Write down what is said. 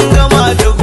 an gama da